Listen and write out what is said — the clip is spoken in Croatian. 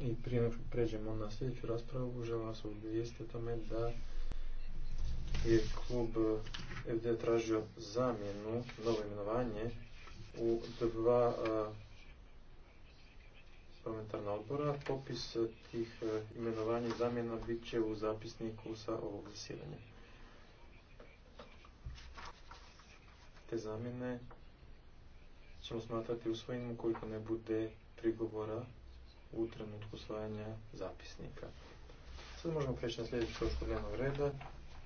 I prije nego pređemo na sljedeću raspravu, želim vas obavijestiti o tome da je klub FD tražio zamjenu, novo imenovanje u dva parlamentarna odbora. Popis tih imenovanja i zamjena bit će u zapisniku sa ovog zasjedanja. Te zamjene ćemo smatrati svojim ukoliko ne bude prigovora u trenutku usvajanja zapisnika. Sad možemo preći na sljedeću točku dnevnog reda.